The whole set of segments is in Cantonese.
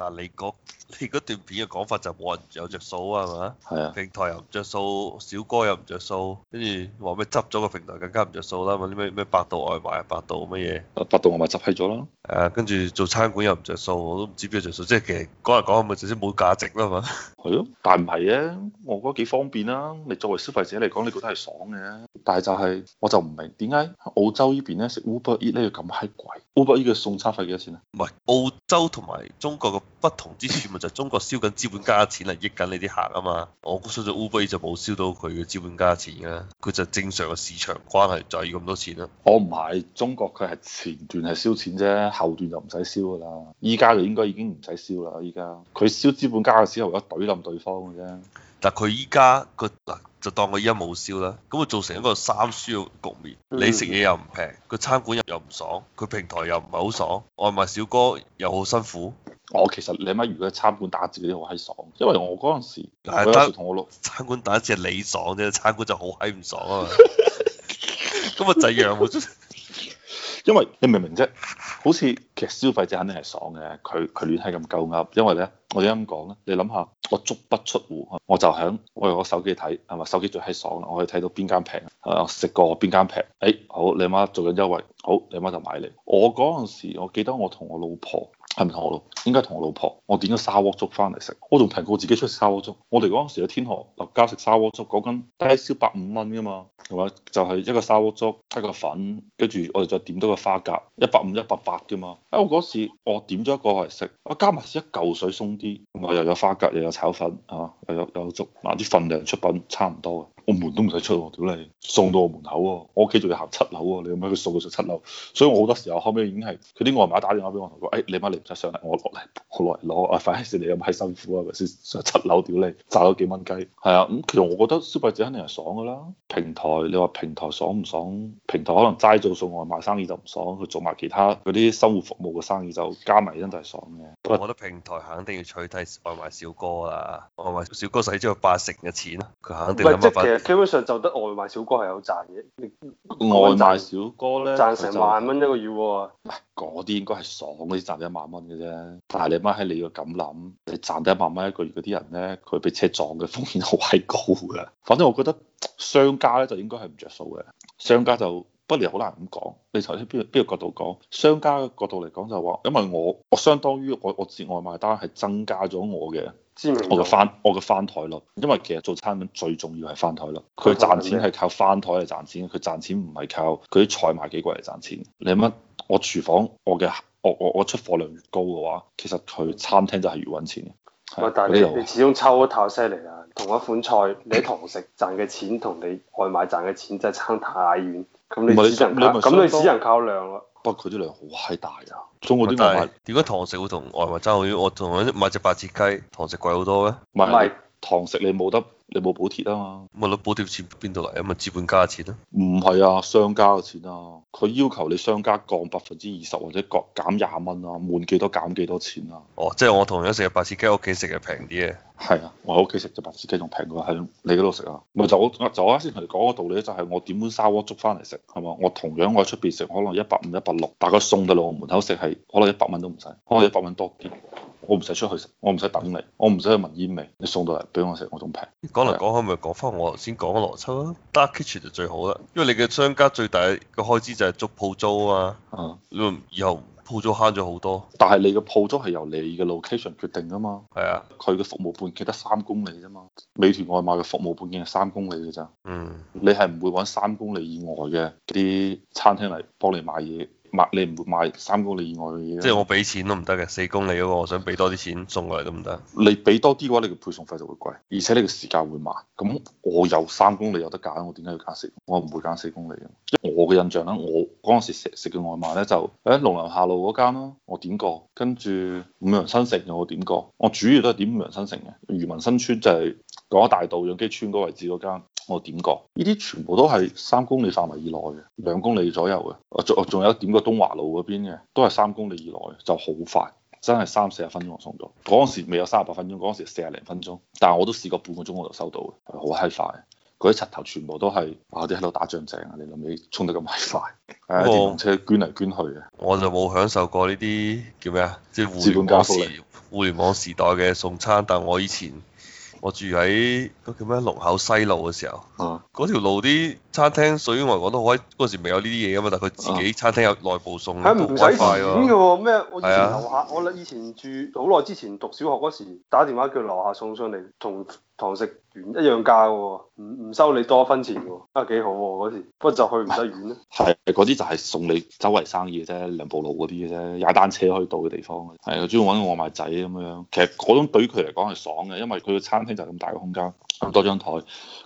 但你嗰你段片嘅講法就冇人有着數啊，係嘛？平台又唔着數，小哥又唔着數，跟住話咩執咗個平台更加唔着數啦，問啲咩咩百度外賣啊，百度乜嘢啊？百度外賣執起咗啦。誒、啊，跟住做餐館又唔着數，我都唔知邊個著數。即係其實講嚟講去咪直接冇價值啦嘛。係咯、啊，但係唔係啊，我覺得幾方便啦、啊。你作為消費者嚟講，你覺得係爽嘅、啊。但係就係、是、我就唔明點解澳洲呢邊咧食 Uber Eat 咁閪貴？Uber Eat 送餐費幾多錢啊？唔係澳洲同埋中國嘅。不同之處咪就係中國燒緊資本家錢嚟，益緊你啲客啊嘛！我估相信 Uber、e、就冇燒到佢嘅資本家錢啊，佢就正常嘅市場關係就要咁多錢啦。我唔係中國，佢係前段係燒錢啫，後段就唔使燒噶啦。依家就應該已經唔使燒啦。依家佢燒資本家嘅時候，一懟冧對方嘅啫。但佢依家個嗱就當佢依家冇燒啦，咁啊造成一個三輸嘅局面。你食嘢又唔平，個餐館又又唔爽，佢平台又唔係好爽，外賣小哥又好辛苦。我其實你阿媽如果喺餐館打折嗰啲我閪爽，因為我嗰陣時嗰陣但時同我老餐館打折係你爽啫，餐館就好閪唔爽啊！咁咪仔係樣，因為你明唔明啫？好似其實消費者肯定係爽嘅，佢佢亂係咁鳩噏，因為咧我哋咁講咧，你諗下我足不出戶，我就響我用我手機睇係咪手機最閪爽？我可以睇到邊間平啊，我食過邊間平？哎，好你阿媽做緊優惠，好你阿媽就買嚟。我嗰陣時我記得我同我老婆。係咪同我老？應該同我老婆。我點咗砂鍋粥翻嚟食，我仲平過自己出砂鍋粥。我哋嗰陣時喺天河立交食砂鍋粥，講緊低消百五蚊噶嘛，係嘛？就係、是、一個砂鍋粥，一個粉，跟住我哋再點多個花甲，一百五、一百八噶嘛。啊，我嗰時我點咗一個嚟食，我加埋一嚿水鬆啲，同埋又有花甲，又有炒粉，嚇，又有有粥，嗱啲份量出品差唔多嘅。個門都唔使出，我屌你送到我門口。啊，我屋企仲要行七樓。啊，你有咩佢送到上七樓，所以我好多時候後尾已經係佢啲外賣打電話俾我，同佢哎，你媽你唔使上嚟，我落嚟，我落嚟攞。啊，反正你有冇係辛苦啊，咪先上七樓，屌你賺咗幾蚊雞。係啊，咁、嗯、其實我覺得消費者肯定係爽噶啦，平台，你話平台爽唔爽？平台可能齋做送外賣生意就唔爽，佢做埋其他嗰啲生活服務嘅生意就加埋真係爽嘅。我覺得平台肯定要取替外賣小哥啊。外賣小哥使咗八成嘅錢，佢肯定唔係，即係其實基本上就得外賣小哥係有賺嘅，外賣小哥咧賺成萬蚊一個月喎。嗰啲應該係爽，嗰啲賺一萬蚊嘅啫。但係你媽喺你個咁諗，你賺得一萬蚊一個月嗰啲人咧，佢畀車撞嘅風險好閪高㗎。反正我覺得商家咧就應該係唔着數嘅，商家就。不你好難咁講，你頭先邊邊個角度講？商家嘅角度嚟講就係話，因為我我相當於我我接外賣單係增加咗我嘅我嘅翻我嘅翻台率，因為其實做餐飲最重要係翻台率，佢賺錢係靠翻台嚟賺錢，佢賺錢唔係靠佢啲菜賣幾貴嚟賺錢。你諗我廚房我嘅我我我出貨量越高嘅話，其實佢餐廳就係越揾錢。但係你，如你始終抽得太犀利啦，同一款菜你喺堂食賺嘅錢同你外賣賺嘅錢真係差太遠。咁你只能咁你只能靠量啦。不過佢啲量好閪大啊，中國啲唔係。點解堂食會同外賣爭好遠？我同人買隻白切雞，堂食貴好多嘅。唔係，堂食你冇得。你冇補貼啊嘛，咁啊攞補貼錢邊度嚟啊？咪資本家嘅錢啊？唔係啊，商家嘅錢啊，佢要求你商家降百分之二十或者各減廿蚊啊，滿幾多減幾多錢啊。哦，即係我同樣食白切雞，屋企食就平啲嘅。係啊，我喺屋企食就白切雞仲平過喺你嗰度食啊。咪、嗯、就我，就我先同你講個道理就係我點碗砂鍋粥翻嚟食，係嘛？我同樣我喺出邊食可能一百五、一百六，但係佢送到嚟我門口食係可能一百蚊都唔使，可能一百蚊多啲。嗯。我唔使出去食，我唔使等你，我唔使去聞煙味，你送到嚟俾我食，我仲平。講嚟講去，咪講翻我頭先講嘅邏輯咯。Dark Kitchen 就最好啦，因為你嘅商家最大嘅開支就係租鋪租是啊。嗯。咁以後鋪租慳咗好多，但係你嘅鋪租係由你嘅 location 決定㗎嘛。係是啊。佢嘅服務半徑得三公里啫嘛。美團外賣嘅服務半徑係三公里嘅咋。嗯。你係唔會揾三公里以外嘅啲餐廳嚟幫你買嘢。你唔會買三公里以外嘅嘢，即係我俾錢都唔得嘅，四公里嗰個我想俾多啲錢送過嚟都唔得。你俾多啲嘅話，你嘅配送費就會貴，而且你嘅時間會慢。咁我有三公里有得揀，我點解要揀四？我唔會揀四公里啊！因為我嘅印象咧，我嗰陣時食食嘅外賣咧就喺農林下路嗰間咯，我點過，跟住五羊新城我點過，我主要都係點五羊新城嘅。漁民新村就係廣州大道楊箕村嗰位置嗰間。我點過？呢啲全部都係三公里範圍以內嘅，兩公里左右嘅。仲仲有一點個東華路嗰邊嘅，都係三公里以內，就好快，真係三四十分鐘就送到。嗰陣時未有三十八分鐘，嗰陣時四廿零分鐘，但係我都試過半個鐘我就收到嘅，好閪快。嗰啲柒頭全部都係，哇！啲喺度打仗鄭啊，你老、啊、你，你衝得咁快，啲送我、啊、車捐嚟捐去嘅。我就冇享受過呢啲叫咩啊？即係互聯網時，互聯網時代嘅送餐。但我以前。我住喺嗰叫咩？龍口西路嘅時候，嗰條、嗯、路啲。餐廳對於我嚟講都好閪，嗰時未有呢啲嘢噶嘛，但佢自己餐廳有內部送，唔使、啊、錢噶喎、啊。咩？我以前樓下，啊、我以前住好耐之前讀小學嗰時，打電話叫樓下送上嚟，同堂食完一樣價噶喎，唔唔收你多分錢喎，啊幾好喎、啊、嗰時，不過就去唔得遠咯、啊。係嗰啲就係送你周圍生意啫，兩步路嗰啲嘅啫，踩單車可以到嘅地方。係啊，專門揾外賣仔咁樣，其實嗰種對佢嚟講係爽嘅，因為佢嘅餐廳就係咁大嘅空間，咁多張台，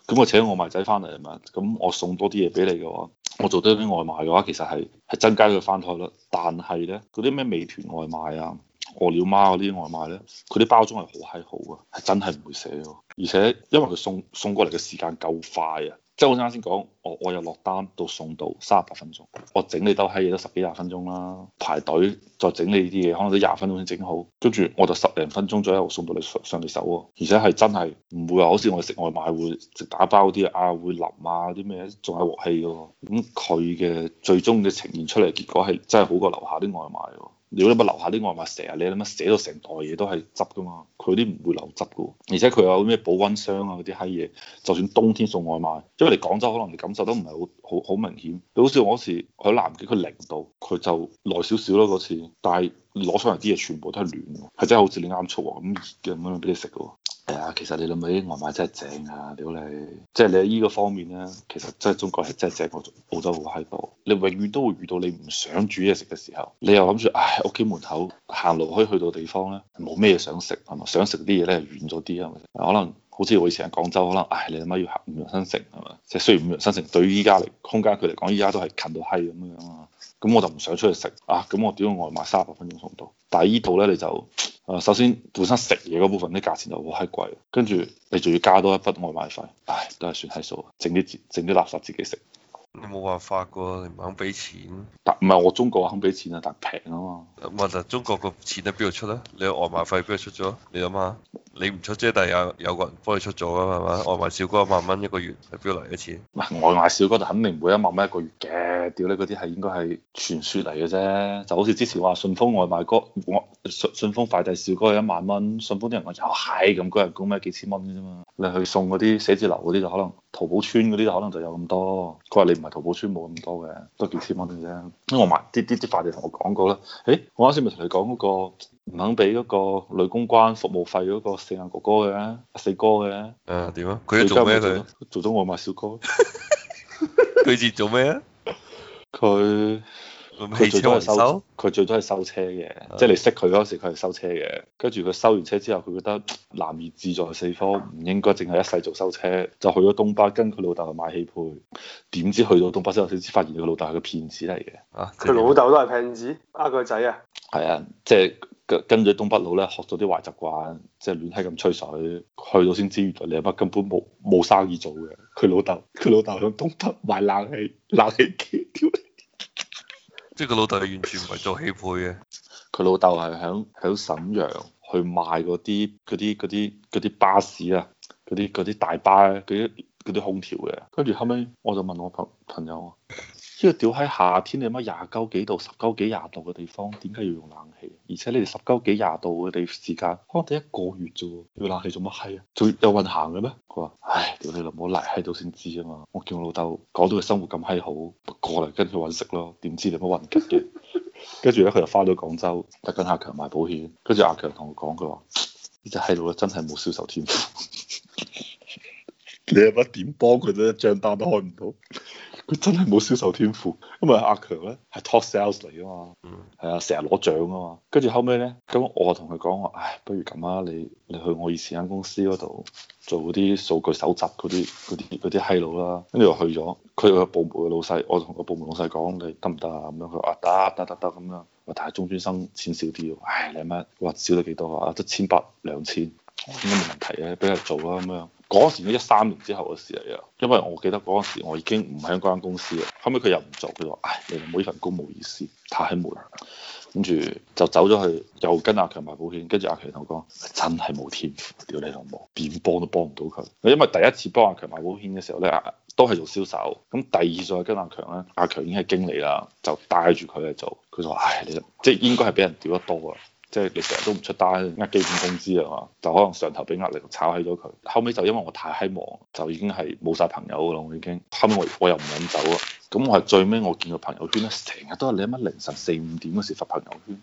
咁我請外賣仔翻嚟啊嘛，咁我。送多啲嘢俾你嘅話，我做多啲外賣嘅話，其實係係增加佢翻台率。但係咧，嗰啲咩美團外賣啊、餓了麼嗰啲外賣咧，佢啲包裝係好閪好啊，係真係唔會寫咯。而且因為佢送送過嚟嘅時間夠快啊。即係好似啱先講，我我由落單到送到三十八分鐘，我整理兜閪嘢都十幾廿分鐘啦，排隊再整理啲嘢，可能都廿分鐘先整好，跟住我就十零分鐘左右送到你上上你手喎，而且係真係唔會話好似我哋食外賣會食打包啲啊會腍啊啲咩仲埋鑊氣嘅喎，咁佢嘅最終嘅呈現出嚟結果係真係好過樓下啲外賣喎。你諗乜留下啲外賣成日，你諗乜寫到成袋嘢都係汁噶嘛？佢啲唔會流汁噶，而且佢有咩保溫箱啊嗰啲閪嘢，就算冬天送外賣，因為嚟廣州可能你感受都唔係好好好明顯。好笑嗰時喺南京佢零度，佢就耐少少咯嗰次，但係。攞上嚟啲嘢全部都係暖嘅，係真係好似你啱嘈咁熱嘅咁樣樣俾你食嘅。係啊、哎，其實你諗下啲外賣真係正啊，屌、就是、你！即係你喺依個方面咧，其實真係中國係真係正過澳洲好閪多。你永遠都會遇到你唔想煮嘢食嘅時候，你又諗住唉，屋、哎、企門口行路可以去到地方咧，冇咩嘢想食係嘛？想食啲嘢咧遠咗啲係咪？可能好似我以前喺廣州，可能唉、哎、你諗下要行五羊新城係嘛？即係、就是、雖然五羊新城對於依家嚟空間佢嚟講，依家都係近到閪咁樣樣咁我就唔想出去食啊！咁我點個外賣三十分鐘送到，但係依度咧你就，誒、啊、首先本身食嘢嗰部分啲價錢就好閪貴，跟住你仲要加多一筆外賣費，唉、哎、都係算閪數，整啲整啲垃圾自己食。你冇辦法噶你唔肯俾錢，但唔係我中國肯俾錢啊，但平啊嘛。咁問下中國個錢喺邊度出咧？你有外賣費邊度出咗？你諗下，你唔出啫，但有有個人幫你出咗啊嘛。外賣小哥一萬蚊一個月係邊嚟嘅錢？唔係外賣小哥就肯定唔會一萬蚊一個月嘅。屌你嗰啲係應該係傳說嚟嘅啫。就好似之前話順豐外賣哥，我順順豐快遞小哥一萬蚊，順豐啲人講又係咁高人工咩？幾千蚊啫嘛。你去送嗰啲寫字樓嗰啲就可能，淘寶村嗰啲就可能就有咁多。佢話你。埋淘寶村冇咁多嘅，都幾千蚊嘅啫。我外啲啲啲快遞同我講過啦。誒，我啱先咪同你講嗰個唔肯俾嗰個女公關服務費嗰個四眼哥哥嘅，啊，四哥嘅。誒點啊？佢、啊、做咩？佢做咗外賣小哥。佢似 做咩啊？佢。佢最多係收，佢最多係收車嘅，即係你識佢嗰時佢係收車嘅。跟住佢收完車之後，佢覺得男兒志在四方，唔應該淨係一世做收車，就去咗東北跟佢老豆去賣汽配。點知去到東北之後，先至發現佢老豆係個騙子嚟嘅。佢老豆都係騙子啊！佢個仔啊，係啊，即係跟跟咗東北佬咧，學咗啲壞習慣，即係亂閪咁吹水。去到先知，原來你阿媽根本冇冇生意做嘅。佢老豆，佢老豆響東北賣冷氣，冷氣機即係佢老豆係完全唔係做汽配嘅，佢老豆係響響瀋陽去賣嗰啲嗰啲嗰啲嗰啲巴士啊，嗰啲嗰啲大巴咧、啊，嗰啲嗰啲空調嘅，跟住後屘我就問我朋朋友。呢個屌喺夏天你乜廿九幾度十九幾廿度嘅地方點解要用冷氣？而且你哋十九幾廿度嘅地時間可能得一個月啫喎，要冷氣做乜閪啊？仲有運行嘅咩？佢話：唉，屌你老母嚟喺度先知啊嘛！我叫我老豆講到佢生活咁閪好，過嚟跟住搵食咯。點知你乜運吉嘅？跟住咧佢又返到廣州，跟阿強賣保險。跟住阿強同佢講，佢話：呢隻閪佬真係冇銷售天賦， 你係乜點幫佢都一張單都開唔到。佢真係冇銷售天賦，因為阿強咧係 top sales 嚟噶嘛，係啊，成日攞獎啊嘛，跟住後尾咧，咁我同佢講話，唉，不如咁啦，你你去我以前間公司嗰度做啲數據搜集嗰啲嗰啲嗰啲閪佬啦，跟住又去咗，佢個部門嘅老細，我同個部門老細講，你得唔得啊？咁樣佢話啊，得得得得，咁樣，話但係中專生錢少啲喎，唉，你諗下，哇，少得幾多啊？得千八，兩千，應該冇問題啊。俾佢做啦咁樣。嗰時咧一三年之後嘅事嚟嘅，因為我記得嗰陣時我已經唔喺嗰間公司啦，後尾佢又唔做，佢就話：唉，你哋冇依份工冇意思，太閪悶喇，跟住就走咗去，又跟阿強賣保險，啊、跟住阿強同我講：真係冇天賦，屌你老母，點幫都幫唔到佢。因為第一次幫阿強賣保險嘅時候咧，都係做銷售，咁第二再跟阿、啊、強咧，阿強已經係經理啦，就帶住佢嚟做，佢就話：唉，你即係應該係俾人屌得多啊！即係你成日都唔出單，呃基本工資啊嘛，就可能上頭俾壓力炒起咗佢。後尾就因為我太希望，就已經係冇晒朋友噶啦，我已經。後尾我又唔飲酒啊，咁我係最尾，我見個朋友圈咧，成日都係你乜凌晨四五點嗰時發朋友圈。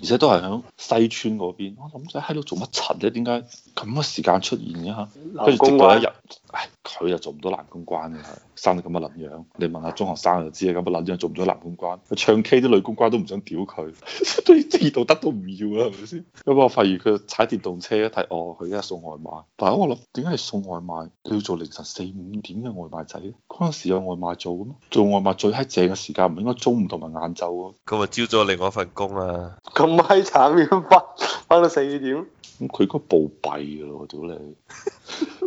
而且都係喺西村嗰邊，我諗住喺度做乜柒啫？點解咁嘅時間出現嘅嚇？跟住直到一日，唉，佢又做唔到男公關嘅，生到咁嘅撚樣。你問下中學生就知啦，咁嘅撚樣做唔到男公關。唱 K 啲女公關都唔想屌佢，所以職業道德都唔要啦，係咪先？咁我發現佢踩電動車一睇，哦，佢而家送外賣。但係我諗點解係送外賣？佢要做凌晨四五點嘅外賣仔咧？嗰陣時有外賣做咯，做外賣最閪正嘅時間唔應該中、就是、午同埋晏晝啊。佢咪朝早另外一份工啊？咁閪慘，要翻翻到四點？咁佢應該暴斃噶咯，屌你！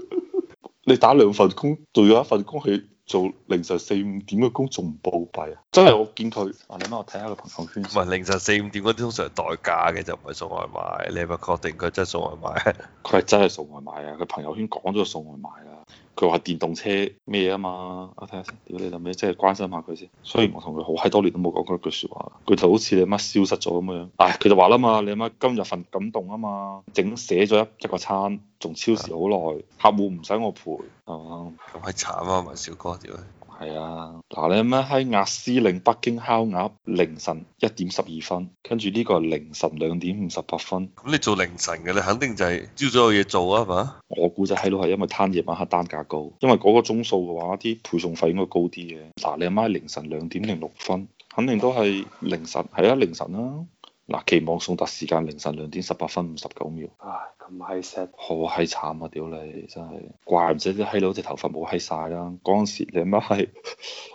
你打兩份工，做咗一份工去做凌晨四五點嘅工，仲唔暴斃啊？真係我見佢，阿 你幫，我睇下佢朋友圈。唔係凌晨四五點嗰啲，通常係代駕嘅，就唔係送外賣。你係咪確定佢真係送外賣？佢 係真係送外賣啊！佢朋友圈講咗送外賣啊。佢話電動車咩啊嘛，我睇下先，屌你老味，即係關心下佢先。雖然我同佢好閪多年都冇講過一句説話，佢就好似你阿媽消失咗咁樣。唉、哎，佢就話啦嘛，你阿媽今日份感動啊嘛，整寫咗一一個餐，仲超時好耐，客戶唔使我賠，係嘛？咁閪慘啊，文小哥，屌！係啊，嗱，你阿媽喺鴨司令北京烤鴨凌晨一點十二分，跟住呢個係凌晨兩點五十八分，咁你做凌晨嘅，你肯定就係朝早有嘢做啊嘛。我估喺度係因為攤夜晚黑單價高，因為嗰個鐘數嘅話，啲配送費應該高啲嘅。嗱，你阿媽凌晨兩點零六分，肯定都係凌晨，係啊凌晨啊。嗱，期望送達時間凌晨兩點十八分五十九秒。唉，咁嗨 s 閪石，好嗨慘啊！屌你，你，真係怪唔知啲閪佬只頭髮冇嗨晒啦。嗰陣時你媽係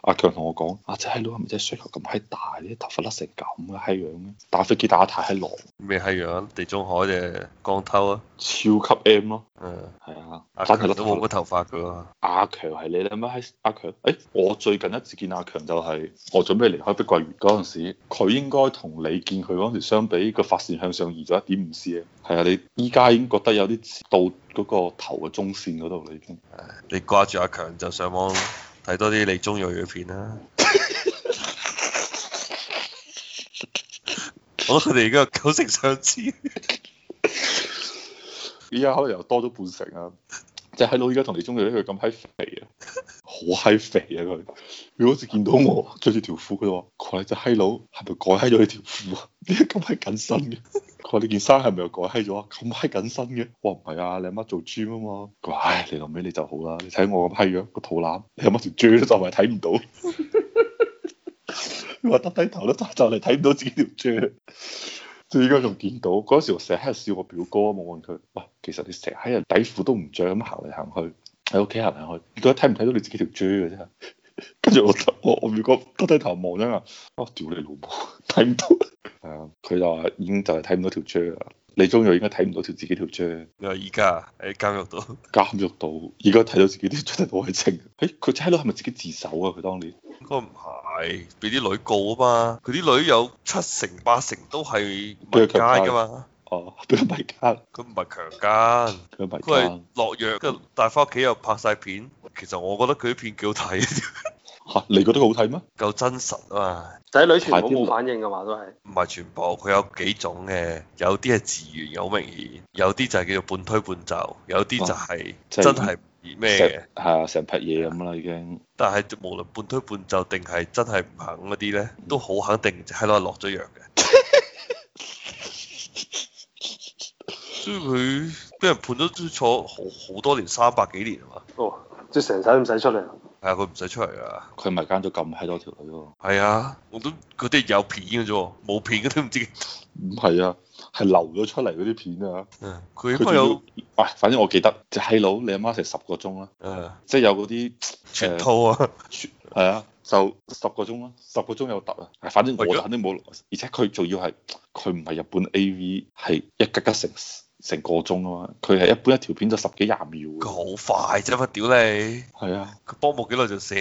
阿強同我講，阿仔閪佬係咪真係需求咁閪大？啲頭髮甩成咁嘅閪樣嘅，啊啊，打飛機打得太閪狼！咩閪樣？地中海嘅光頭啊，超級 M 咯，啊。嗯，係啊，啊阿強都冇乜個頭髮噶。阿強係你你咧？阿強，誒，我最近一次見阿強就係我準備離開碧桂園嗰陣時，佢應該同你見佢嗰陣時相比，個發線向上移咗一點五 C 啊。係啊，你依家已經覺得有啲似到嗰個頭嘅中線嗰度啦，已經。啊、你掛住阿強就上網睇多啲你中意嘅片啦、啊。 我佢哋而家九成相似。而家、yeah, 可能又多咗半成啊！隻閪佬，而家同你中意呢？佢咁閪肥啊，好閪肥啊佢！佢好似見到我着住條褲，佢話，佢話你隻閪佬係咪改閪咗你條褲啊？點解咁閪緊身嘅？佢話 你件衫係咪又改閪咗啊？咁閪緊身嘅？我話唔係啊，你阿媽做豬啊嘛。佢話，唉，你到尾你就好啦，你睇我咁閪樣，個肚腩，你阿媽條豬都就嚟睇唔到。佢話耷低頭都就嚟睇唔到自己條豬。佢而家仲見到嗰時，我成日喺度笑我表哥啊！我問佢：，喂，其實你成日喺人底褲都唔着，咁行嚟行去，喺屋企行嚟行去，到底睇唔睇到你自己條豬嘅啫？跟 住我我我表哥低低頭望真啊！哦，屌你老母，睇唔到。誒，佢就話已經就係睇唔到條豬啊！李宗瑞應該睇唔到條自己條豬。你話依家喺監獄度？ 監獄度，而家睇到自己啲出、欸、得係清。誒，佢差到係咪自己自首啊？佢當年應該唔係。係，俾啲女告啊嘛，佢啲女有七成八成都係迷奸噶嘛。哦，俾人迷奸，佢唔係強奸，佢係落藥，跟住帶翻屋企又拍晒片。其實我覺得佢啲片幾好睇， 你覺得好睇咩？夠真實啊嘛，仔女全部冇反應噶嘛都係是，唔係全部，佢有幾種嘅，有啲係自然，好明顯，有啲就係叫做半推半就，有啲就係、啊就是、真係。咩嘅係啊，成匹嘢咁啦已經。的但係無論半推半就定係真係唔肯嗰啲咧，都好肯定係度落咗藥嘅。所以佢俾人判咗坐好好多年，三百幾年啊嘛？哦，即係成世都唔使出嚟。係啊，佢唔使出嚟啊！佢咪奸咗咁閪多條女咯、啊。係啊，我都佢哋有片嘅啫，冇片嘅都唔知。唔係啊。係流咗出嚟嗰啲片啊！佢應該有，喂、哎，反正我記得，就閪佬你阿媽成十個鐘啦，即係有嗰啲全套啊，係啊，就十個鐘啦，十個鐘有凸啊，反正我肯定冇，而且佢仲要係，佢唔係日本 AV，係一吉吉城。成個鐘啊嘛，佢係一般一條片就十幾廿秒嘅。咁好快啫嘛，屌你！係啊，佢幫冇幾耐就死。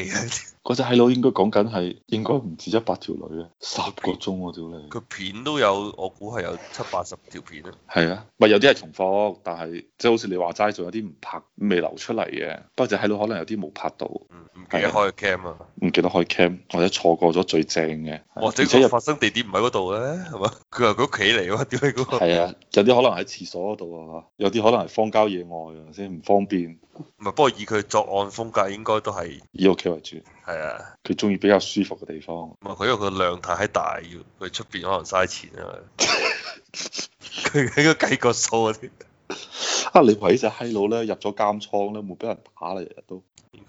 嗰隻閪佬應該講緊係應該唔止一百條女啊，十個鐘啊屌你！佢片都有，我估係有七八十條片啊，係啊，咪有啲係重複，但係即係好似你話齋，仲有啲唔拍、未流出嚟嘅。不過隻閪佬可能有啲冇拍到，唔記得開 cam 啊，唔記得開 cam 或者錯過咗最正嘅。或者佢發生地點唔喺嗰度咧，係嘛？佢話佢屋企嚟喎，屌你個！係啊，有啲可能喺廁所。度啊，有啲可能係荒郊野外啊，先唔方便。唔係，不過以佢作案風格，應該都係以屋企為主。係啊，佢鍾意比較舒服嘅地方。唔係，佢因為個量太大，要佢出邊可能嘥錢啊。佢喺度計個數啊！你話呢隻閪佬咧入咗監倉咧，冇俾人打啦，日日都。應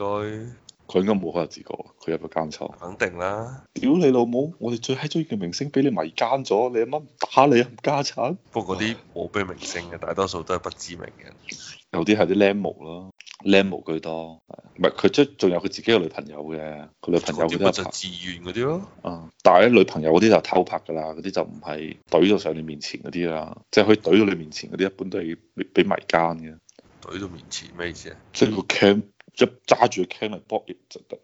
該。佢應該冇可能自覺，佢有個奸巢，肯定啦！屌你老母！我哋最閪中意嘅明星俾你迷奸咗，你阿媽唔打你啊？冚家產？不過嗰啲冇咩明星嘅，大多數都係不知名嘅， 有啲係啲僆模咯，僆模居多，唔係佢即，仲有佢自己嘅女朋友嘅，佢女朋友佢就自願嗰啲咯，啊！但係女朋友嗰啲就偷拍噶啦，嗰啲就唔係懟到上你面前嗰啲啦，即係可以懟到你面前嗰啲，一般都係俾俾迷奸嘅，懟到面前咩意思啊？即係個 cam 一揸住個 cam 嚟搏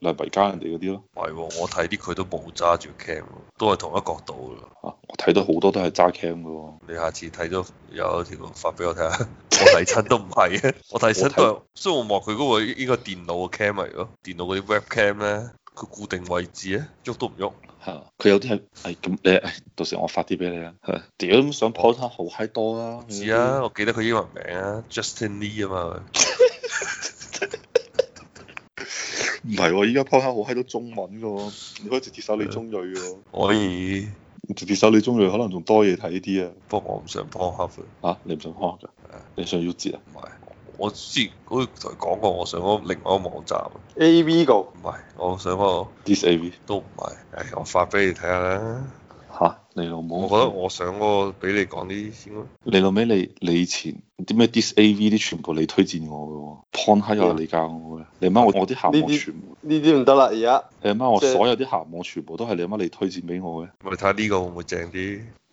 嚟迷奸人哋嗰啲咯，唔係、哦，我睇啲佢都冇揸住個 cam 咯，都係同一角度咯。吓，我睇到好多都係揸 cam 噶。你下次睇到有一條發俾我睇下， 我睇親都唔係嘅， 我睇親都係。雖然我望佢嗰個依個電腦嘅 cam 咪咯，電腦嗰啲 web cam 咧，佢固定位置啊，喐都唔喐。係佢有啲係係咁，誒、哎、誒、哎，到時我發啲俾你 up，啊。係、啊，屌、啊，咁想 pol 特好嗨多啦。知啊，我記得佢英文名啊，Justin Lee 啊嘛。唔係，依家 po 卡好閪多中文嘅，你可以直接搜李宗瑞嘅。可以，直接搜李宗瑞，可能仲多嘢睇啲啊，不過我唔想 po 卡佢。嚇、啊？你唔想 po 嘅？誒的，你想要截啊？唔係，我之前好似同佢講過，我上嗰另外一個網站。A V、這個？唔係，我上個 ThisAV。都唔係，誒，我發俾你睇下啦。你老母，我覺得我上嗰個俾你講啲先你。你老味，你你以前啲咩 disav 啲全部你推薦我嘅，Pornhub 又係你教我嘅。你媽我我啲鹹網全部，呢啲唔得啦而家。你媽我,的我所有啲鹹網全部都係你媽你推薦俾我嘅。我哋睇下呢個會唔會正啲？